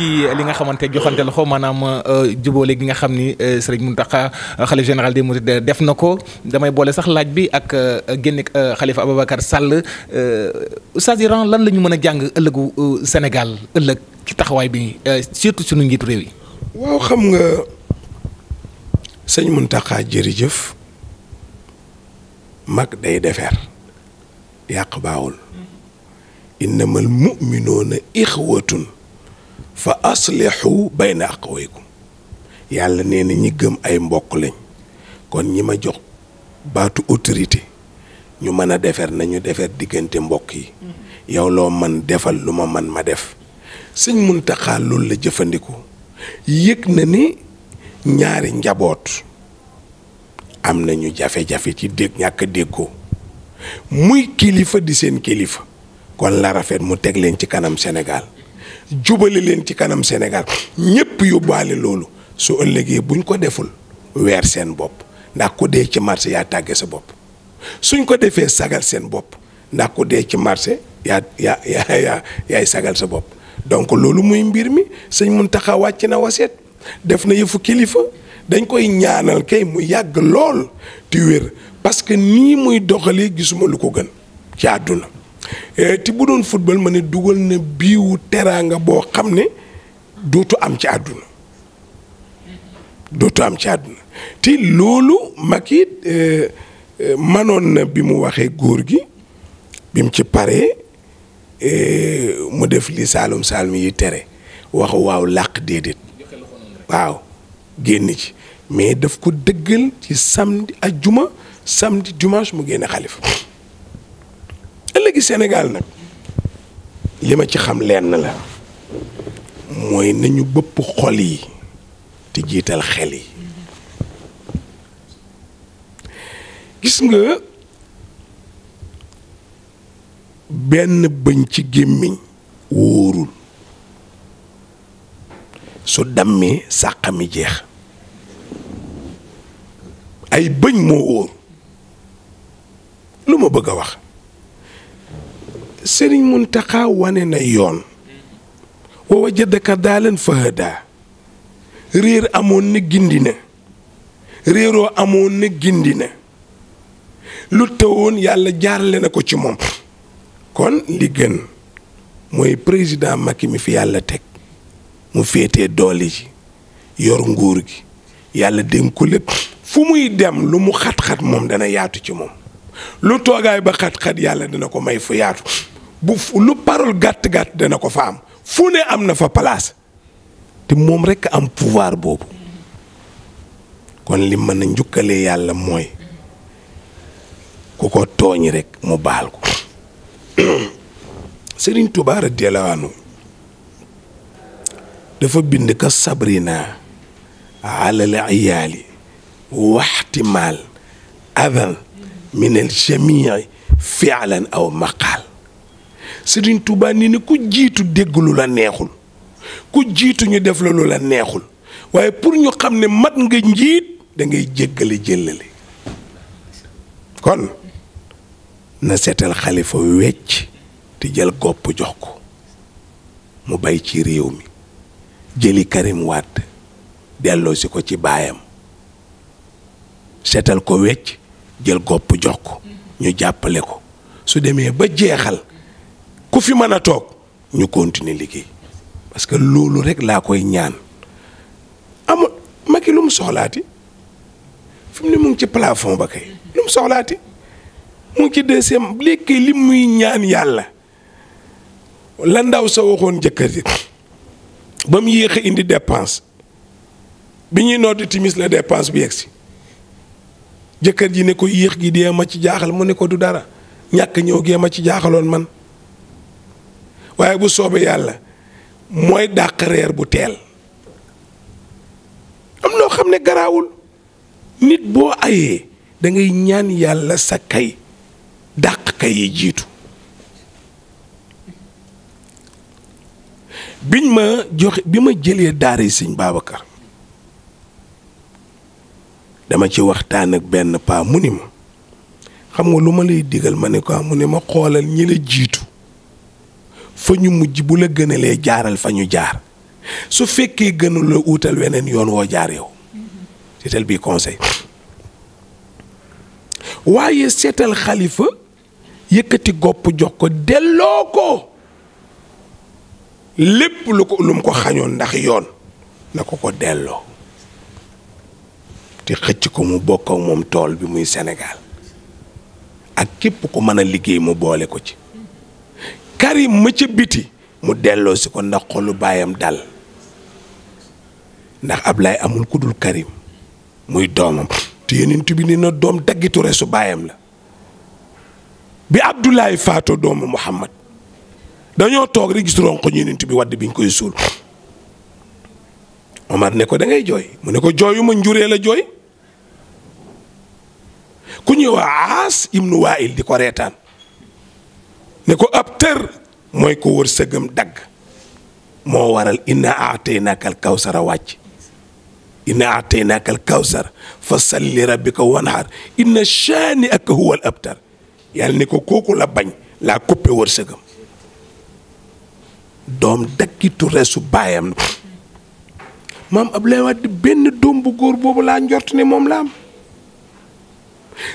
ci li nga xamante joxante loxo maanaam euh, jubóole gi nga xam ni euh, sëriñ Mountakha euh, xalif général des mourides def na ko damay boole sax laaj bi ak génne xalifa Ababacar Sall Oustaz Iran lan la mën a jàng ëllëgu Sénégal ëllëg ci taxawaay bi surtout sunu njiitu réew yi. waaw xam nga sëñ Mountakha jërëjëf mag day defar yàq baawul innamal mu'minuuna ixwatun fa aslihu bayna aqwaykum yàlla nee na ñi gëm ay mbokk lañ kon ñi ma jox baatu autorité ñu mën a defar nañu defar diggante mbokk yi mm-hmm. yow loo mën defal lu ma mën ma def sëñ Muntaxa loolu la jëfandikoo yëg na ni ñaari njaboot am nañu jafe-jafe ci dégg ñàkk déggoo muy kilifa di seen kilifa kon la rafet mu teg leen ci kanam Sénégal jubale leen ci kanam Sénégal ñëpp yóbbaale loolu su ëllëgee buñ ko deful weer seen bopp ndax ku dee ci marché yaa tàgge sa bopp suñ ko defee sagal seen bopp ndax ku dee ci marché yaa yaa yaa yaa yaay sagal sa bopp donc loolu muy mbir mi sëñ Mountakha wàcc na waseet def na yëfu kilifa dañ koy ñaanal kay mu yàgg lool ti wér parce que nii muy doxalee gisuma lu ko gën ci àdduna Eh, te bu doon football ma ne dugal na biiwu teraanga boo xam ne dootu am ci àdduna dootu am ci àdduna te loolu mag yi eh, eh, manoon na bi mu waxee góor gi bi mu ci pare mu def li saalum saalum yi tere wax waaw làq déedéet waaw génn ci mais daf ko dëggal ci samedi ak juma samedi dimanche mu génne xalifa ëllëgi senegaal nag li ma ci xam lenn la mooy nañu bëpp xol yi te jiital xel yi gis nga benn bëñ ci gémmiñ wóorul su dammi sàqami jeex ay bëñ moo wóor lu ma bëgg a wax mun taxaw wane na yoon wa wajadaka daalan fahadaa réer amoon na gindi na réeroo amoon na gindi na lu tawoon yàlla jaarle na ko ci moom kon li gën mooy président Macky mi fi yàlla teg mu féetee doole ji yor nguur gi yàlla dénk ko lépp fu muy dem lu mu xat-xat moom dana yaatu ci moom lu toogaay ba xat-xat yàlla dina ko may fu yaatu bu lu parole gàtt-gàtt dana ko fa am fu ne am na fa palaas te moom rekk am pouvoir boobu kon li mën a njukkalee yàlla mooy ku ko tooñ rekk mu baal ko Sëriñ Tuubaa radiyallaahu anhu dafa bind ka sabrina alal iyaali waxtimaal adan min al jamii fialan aw maqaal Serigne Touba nii ne ku jiitu dégg lu la neexul ku jiitu ñu def la lu la neexul waaye pour ñu xam ne mat nga njiit dangay ngay jéggale jëllale kon na seetal xalifa wecc te jël gopp jox ko mu bay ci réew mi jëli Karim Wade delloosi ko ci baayam seetal ko wecc jël gopp jox ko ñu jàppale ko su demee ba jeexal ku fi mën a toog ñu continuer liggéey parce que loolu rek laa koy ñaan amul Macky lu mu soxlaati fi mu ne mu ngi ci plafond ba kay lu mu soxlaati mu ngi ci deuxième léegi li muy ñaan yàlla la ndaw sa jëkkër ji ba mu yéex a indi dépense bi ñuy nodd timis la dépense bi si jëkkër ji ne ko yéex gi di ma ci jaaxal mu ne ko du dara ñàkk ñëw gee ma ci jaaxaloon man waaye bu soobee yàlla mooy dàq reer bu teel am loo xam ne garaawul nit boo ayee dangay ngay ñaan yàlla sa kay dàq kay yi jiitu bi ma jëlee daara yi sëñ Babacar dama ci waxtaan ak benn paa mu ni ma xam nga lu ma lay digal ma ne ko mu ne ma xoolal ñi la jiitu fa ñu mujj bu la gënalee jaaral fa ñu jaar su fekkee gënul la weneen yoon woo jaar yow seetal bii conseil waaye seetal xalifa yëkkati gopp jox ko delloo ko lépp lu ko lu ko xañoon ndax yoon na ko ko delloo te xëcc ko mu bokk moom tool bi muy senegaal ak képp ko mën a liggéey mu boole ko ci Karim ma ca biti mu delloo si ko ndax xolu baayam dal ndax Ablaye amul ku dul Karim muy doomam te yeneen bi ne na doom daggitu resu baayam la bi Abdoulaye faatoo doomu Muhammad dañoo toog rek gis ronq yeneen bi wadd bi ñu koy suul Omar ne ko dangay jooy mu ne ko jooyuma njuree la jooy ku ñëw aas ibnu waayil di ko reetaan ni ko ab tër mooy ko wër wërsëgam dagg moo waral inna aataynaaka al kawsara wàcc inna aataynaaka al kawsar fa salli li rabbika wanhar inna shaani aka huwa al abtar yàlla ne ko kooku la bañ laa coppe wërsëgam doom daggitu resu baayam maam Abdoulaye Wade benn doom bu góor boobu laa njort ni moom la am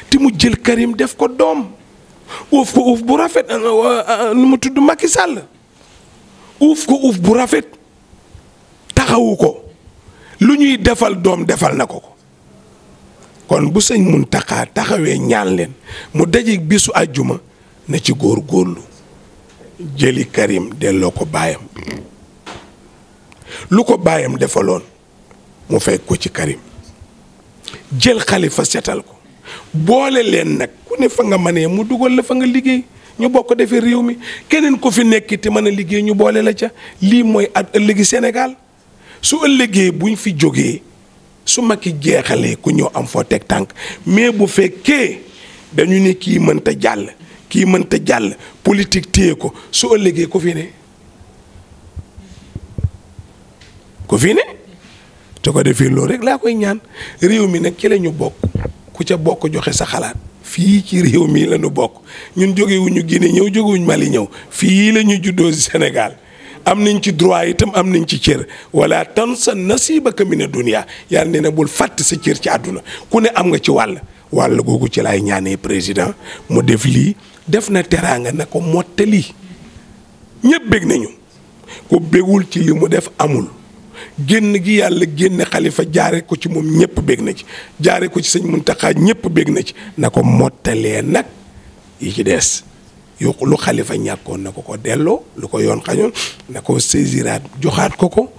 te mu jël Karim def ko doom uuf ko uuf bu rafet ah, ah, ah, nu mu tudd Macky sàll uuf ko uuf bu rafet taxawu ko lu ñuy defal doom defal na ko ko kon bu mun Muntaxa taxawee ñaan leen mu dajeeg bisu àjjuma na ci góor góorlu jëli Karim delloo ko baayam lu ko baayam defaloon mu fekk ko ci Karim jël Xalifa setal ko boole leen nag ku ne fa nga mënee mu dugal la fa nga liggéey ñu bokk defee réew mi keneen ko fi nekk te mën a liggéey ñu boole la ca lii mooy at ëllëg senegal su ëllëgee buñ fi jógee su Macky jeexalee ku ñëw am foo teg tànk mais bu fekkee dañu ne kii mënta jàll kii mënta jàll politique téye ko su ëllëgee ko fi ne ku fi ne ko defee loolu rek laa koy ñaan réew mi nag ci ñu bokk ku ca bokk joxe sa xalaat fii ci réew mii la ñu bokk ñun jógewuñu Guinée ñëw jógewuñu Mali ñëw fii la ñu juddoo si Sénégal am nañ ci droit itam am nañ ci cër wala tan sa nasibaka mina dunya yàlla ne na bul fàtte sa cër ci àdduna ku ne am nga ci wàll wàll googu ci laay ñaanee président mu def lii def na teraanga na ko mottali ñëpp bég nañu ku bégul ci li mu def amul génn gi yàlla génn xalifa jaare ko ci moom ñëpp bég na ci jaare ko ci sëñ Muntaxa ñëpp bég na ci na ko mottalee nag yi ci des yu lu xalifa ñàkkoon na ko ko delloo lu ko yoon xañoon na ko saisiraat joxaat ko ko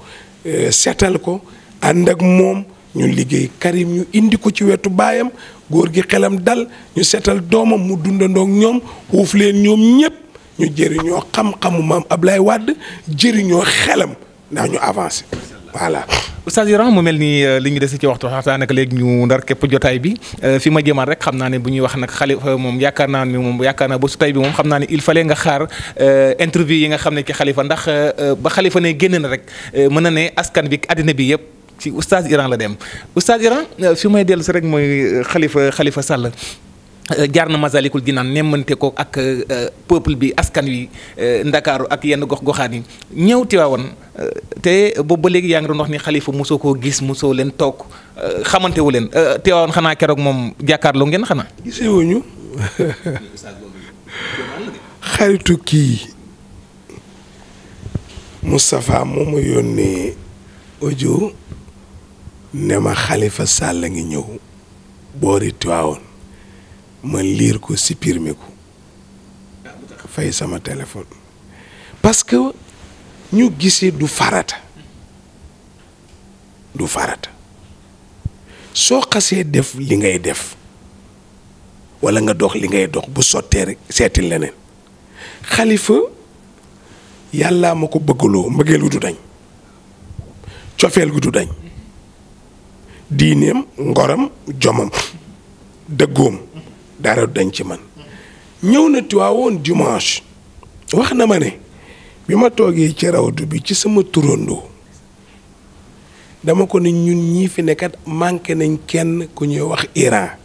euh, seetal ko ànd ak moom ñu liggéey Karim ñu indi ko ci wetu baayam góor gi xelam dal ñu seetal doomam mu dundandoog ñoom xuuf leen ñoom ñëpp ñu jëriñoo xam-xamu maam lay wàdd jëriñoo xelam ndax ñu avancé voilà. Oustaz Iran mu mel ni euh, li ñu dese ci waxtu waxtaan nag léegi ñu ndar képp jotaay bi euh, fi ma jëmaat rek xam naa ne bu ñuy wax nag xalifa moom yaakaar naa ne moom yaakaar naa ba su tay bi moom xam naa ne il fallait nga xaar euh, interview yi nga xam ne ci xalifa ndax ba xalifa ne génn na rek mën na ne askan bi àddina bi yëpp. ci oustaz Iran la dem oustaz Iran fi may dellu si rek mooy xalifa xalifa Sall Euh, jaar na Masalikul Jinaan nemmante ko ak euh, peuple bi askan wi euh, ndakaaru ak yenn gox-goxaan yi ñëw Tiwaawan te boobu ba léegi yaa ngi doon wax ni xalifa mosoo koo gis mosoo leen toog xamante leen Tiwaawan xanaa keroog moom jàkkaarloo ngeen xanaa. gisee wuñu xaritu kii Moustapha moo ma yónnee audio ne ma xalifa Sall ngi ñëw boori Tiwaawan. ma liir ko supprimer ko fay sama téléphone parce que ñu gisee du farata du farata soo xasee def li ngay def walla nga dox li ngay dox bu sottee rek seeti leneen xalifa yàllaa ma ko bëgguloo mbëggeel gu dañ cofeel gu dañ diineem ngoram jomam dëggoom dara dañ ci man ñëw na Tiwaawoon dimanche wax na ma ne bi ma toogee ci rawdu bi ci sama turandoo dama ko ne ñun ñii fi nekkat manqué nañ kenn ku ñuy wax iraa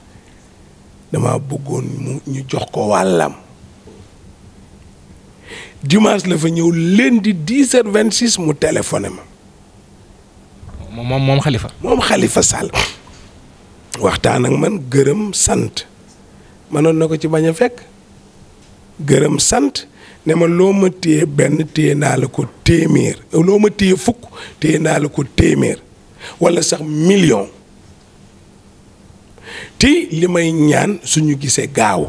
dama bëggoon mu ñu jox ko wàllam dimanche la fa ñëw leen di heures vingt six mu téléphoné ma. moom moom xalifa. moom xalifa Sall waxtaan ak man gërëm sant. mënoon na ko ci bañ a fekk gërëm sant ne ma loo ma téye benn téye naa la ko téeméer loo ma téye fukk téye naa la ko téeméer walla sax million ti li may ñaan suñu gisee gaaw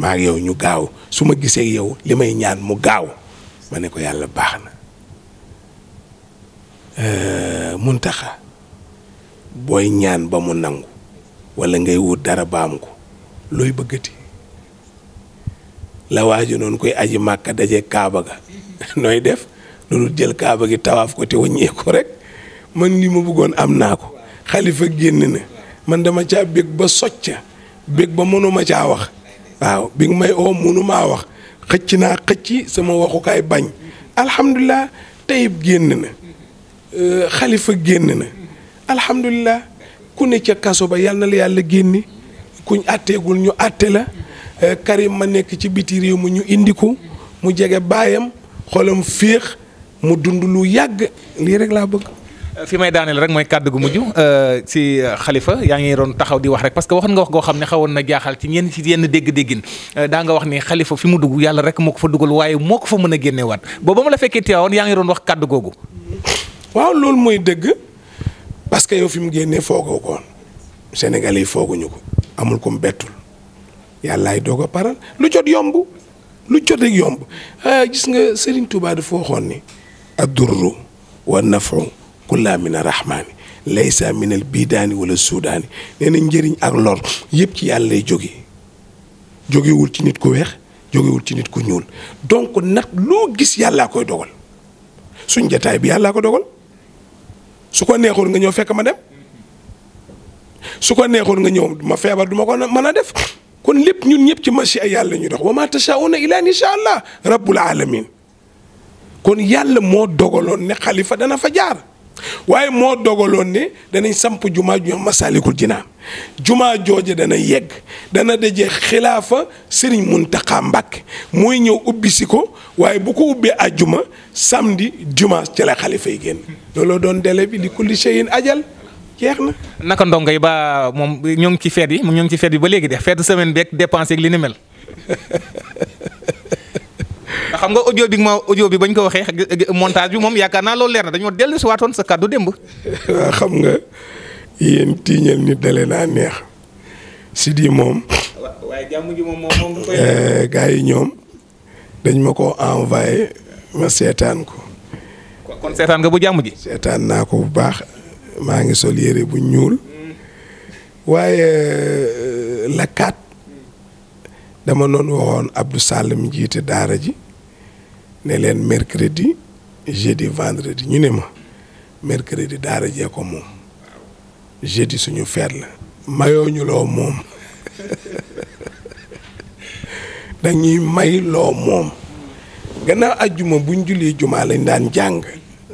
maa yow ñu gaaw su ma gisee yow li may ñaan mu gaaw ma ne ko yàlla baax na euh, muntaxa booy ñaan ba mu nangu walla ngay wut dara baam ko looy bëggati la waaju noonu koy aji màkka daje kaaba ga nooy def loolu jël kaaba gi tawaaf ko te wàññeeku rek man li ma bëggoon am naa ko xalifa génn na man dama caa bég ba socca bég ba mënuma caa wax waaw bi nga may oo mënumaa wax xëcc naa xëcc sama waxukaay bañ alhamdulilah tayib génn na euh, xalifa génn na alhamdulilah ku ne ca kaso ba yàlla na la yàlla génne kuñ àtteegul ñu àtte la euh, Karim ma nekk ci biti réew mu ñu indi ko mu jege baayam xolam féex mu dund lu yàgg lii rek laa bëgg. Euh, fi may daaneel rek mooy kàdd gu mujj euh, si xalifa yaa ngi doon taxaw di wax rek parce que waxoon nga wax ko xam ne xawoon na jaaxal ci ñenn ci yenn dégg-déggin daa nga wax ni xalifa fi mu dugg yàlla rek moo ko fa dugal waaye moo ko fa mën a génneewaat booba ma la fekkee teewoon yaa ngi doon wax kàddu googu. waaw loolu mooy dégg parce que yow fi mu génnee foogoo ko woon Sénégal amul ko kum bettul yàllaay doog a paral lu jot yomb lu jot rek yomb ah, gis nga Serigne Touba dafa waxoon ni addurru wa nafu kulla min arrahmaani laysa min al bidaani wala suudaani nee na njëriñ ak lor yëpp ci yàlla jóge jógewul ci nit ku weex jógewul ci nit ku ñuul donc nag loo gis yàllaa koy dogal suñ jataay bi yàllaa ko dogal su ko neexul nga ñëw fekk ma dem su ko neexoon nga ñëw ma feebar duma ma ko mën a def kon lépp ñun ñëpp ci machi ay yàlla ñu dox wa ma tashauna illa insha allah rabbul alamin kon yàlla moo dogaloon ne xalifa dana fa jaar waaye moo dogaloon ne danañ samp jumaa ju Masaalikul Jinaan jumaa jooje dana yegg dana daje xilaafa mun Mountakha Mbacké mooy ñëw ubbi si ko waaye bu ko ubbee àjjuma samedi dimanche ca xalifa yi génn looloo doon délai bi li kulli shay'in ajal jeex na. naka ndongo yi ba moom ñoo ngi ci feet yi ñoo ngi ci feet yi ba léegi de feetu semaine beeg dépense ak li ni mel. xam nga audio bi ma bi bañ ko waxee montage bi moom yaakaar naa loolu leer na dañoo dellu si waatoon nga yéen tiiñal naa neex Sidi moom. waaye jàmm ji moom moom moom. Eh, yi ñoom dañ ma ko envoyé ma seetaan ko. kon seetaan nga bu jàmm ji. seetaan naa ko bu baax maa ngi sol yére bu ñuul waaye euh, la kat dama noon waxoon Abdou Sall mi jiite daara ji ne leen mercredi jeudi vendredi ñu ne ma mercredi daara jee ko moom jeudi suñu feet la mayoo ñu loo moom dañuy may loo moom gannaaw ajjuma buñ julli jumaa lañ daan jàng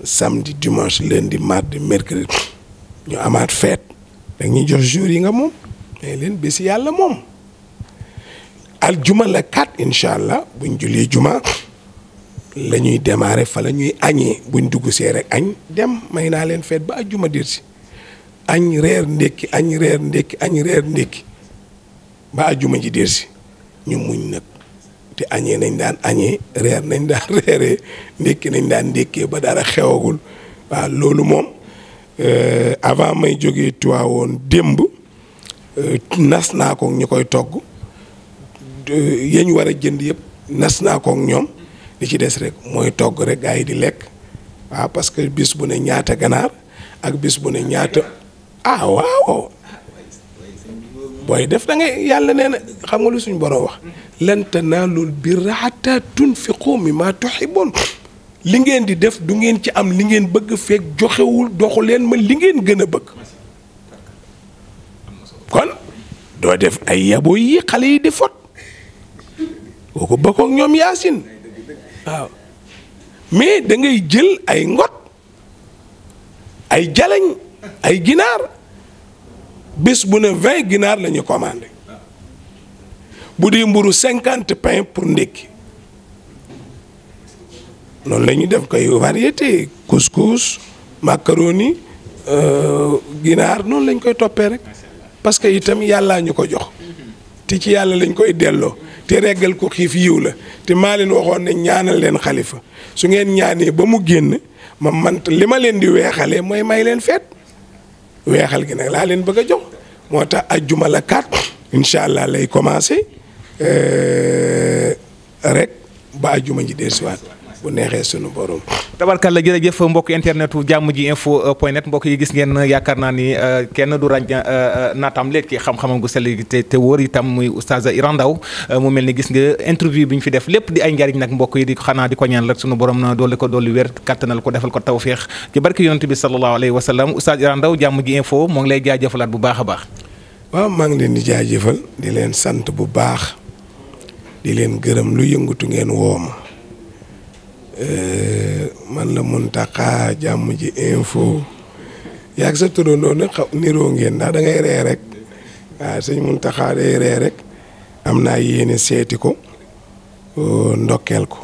samedi dimanche lundi mardi mercredi ñu amaat feet ñu jox jour yi nga moom mais leen bési yàlla moom aljuma la kat incha allah buñ julli juma lañuy ñuy démarrer fa la ñuy añee buñ dugg see rek añ dem may naa leen feet ba a juma si añ reer ndékki añ reer ndékki añ reer ndékki ba ji dir ñu muñ nag te añee nañ daan añee reer nañ daan reeree ndékki nañ daan ndékkee ba dara xewagul waaw loolu moom Euh, avant may jógee Tiwaawoon démb euh, nas naa ko ñu koy togg euh, yañ war a jënd yëpp nas naa ko ñoom li ci des rek mooy togg rek gaa yi di lekk waaw parce que bis bu ne ñaata ganaar ak bis bu ne ñaata ah waaw booy def da yàlla nee na xam nga lu suñ borom wax lan tanaalul birra hattaa tunfiqu mimmaa tuhibbuun li ngeen di def du ngeen ci am li ngeen bëgg feek joxewul doxu leen ma li ngeen gën a bëgg kon doo def ay yabo yi xale yi di fot boo ko bokkook ñoom yaasin waaw mais da ngay jël ay ngot ay jaleñ ay ginaar bés bu ne vingt ginaar lañu ñu commandé bu dee mburu cinquante pain pour ndékki noonu la ñuy def koy variété couscous macaroni euh, ginaar noonu lañ koy toppee rek parce que itam yàllaa ñu ko jox te ci yàlla lañ koy delloo te reggal ko xiif yiw la te maa leen waxoon ne ñaanal leen xalifa su ngeen ñaanee ba mu génn ma man li ma leen di weexalee mooy may leen feet weexal gi nag laa leen bëgg a jox moo tax ajjuma la kat incha allah lay commencé euh, rek ba ajjuma ji dee siwaat bu neexee sunu borom. tabarkalla jërëjëf mbokk internetu jàmm ji info euh, point net mbokk yi gis ngeen euh, yaakaar naa ni euh, kenn du ràññ naataam léegi ki xam-xamam gu sell te te wóor tam muy oustaz Iran ndaw mu mel ni gis nga interview bi ñu fi def lépp di ay njariñ nag mbokk yi di xanaa di ko ñaan rek sunu borom na dolli ko dolli wér kattanal ko defal ko tawféex ci barke yonent bi sallallahu alayhi wa sallam oustaz Iran Ndao jàmm ji info moo ngi lay jaajëfalaat bu baax baax. waaw maa ngi leen di jaajëfal di leen sant bu baax di leen gërëm Eh, man la Mountakha jàmm ji info yaa sa turandoo nag xaw niroo ngeen ndax da ngay ree rek waaw ah, sëñ Mountakha day ree rek am naa yéene seeti ko oh, ndokkeel ko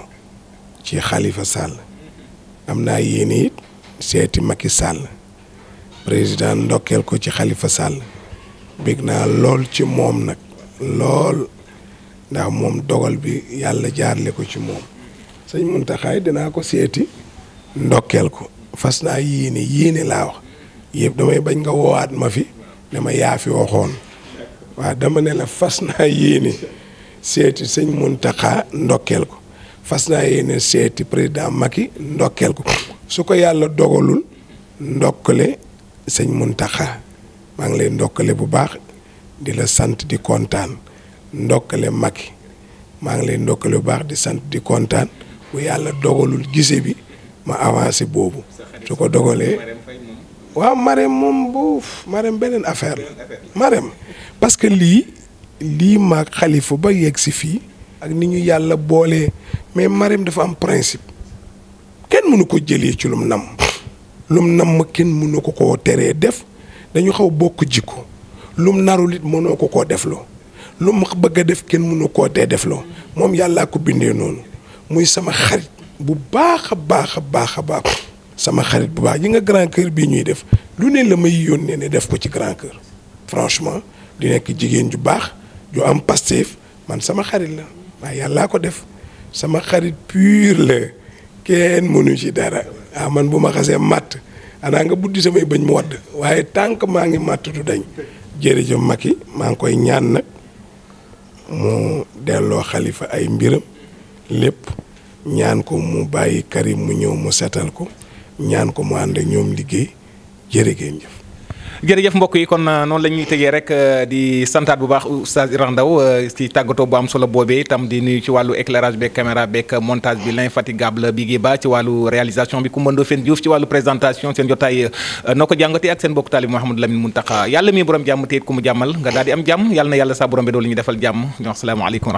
ci xalifa sàll am naa yéene it seeti Macky sàll président ndokkeel ko ci xalifa sàll bég naa lool ci moom nag lool ndax moom dogal bi yàlla jaarle ko ci moom sëñ Muntaxaay dinaa ko seeti ndokkeel ko fas naa yéene yéene laa wax yëpp damay bañ nga woowaat ma fi ne ma yaa fi waxoon waaw dama ne la fas naa yéene seeti sëñ Muntaxaa ndokkeel ko fas naa yéene seeti président Macky ndokkeel ko su ko yàlla dogalul ndokkale sëñ Muntaxaa maa ngi lay ndokkale bu baax di la sant di kontaan ndokkale Macky maa ngi lay ndokkale bu baax di sant di kontaan bu yàlla dogalul gise bi ma avancé boobu su ko dogalee waaw Marème moom bu Marème beneen affaire la Marème parce que lii lii maag xalifa ba yegg si fii ak ni ñu yàlla boolee mais Marème dafa am principe kenn mënu ko jëlee ci lum nam lum nam ma kenn mënu ko ko teree def dañu xaw bokk jikko lum narul it mënoo ko koo defloo lu ma bëgg a def kenn mënu koo tee defloo moom yàllaa ko bindee noonu muy sama xarit bu baax a baax a baax a baax sama xarit bu baax yi nga grand cœur bii ñuy def lu ne la may yónnee ne def ko ci grand cœur franchement di nekk jigéen ju baax ju am Pastef man sama xarit la waaye yàllaa ko def sama xarit pur la kenn mënu ci dara ah man bu ma xasee màtt anaa nga buddi samay bañ mu wadd waaye tànk maa ngi màtt du dañ jërëjëf yi maa ngi koy ñaan nag mu delloo xalifa ay mbiram lépp ñaan ko mu bàyyi Karim mu ñëw mu setal ko ñaan ko mu ànd ak ñoom liggéey jërë ngeen jëf. mbokk yi kon euh, noonu la ñuy tëjee rek euh, di santaat bu baax oustaz Iran Ndao euh, ci tàggatoo bu am solo boobee itam di nuyu ci wàllu éclairage beeg caméra beeg montage bi l'infatigable bi gi ba ci wàllu réalisation bi Coumba Ndoffène Diouf ci wàllu présentation seen jotaay noo ko jàngatee ak seen bokk taalib Mouhamadou Lamine Mountakha yàlla mi borom jàmm te ku mu jàmmal nga daal di am jàmm yàlla na yàlla sa borom bi defal jàmm ñoo asalaamaaleykum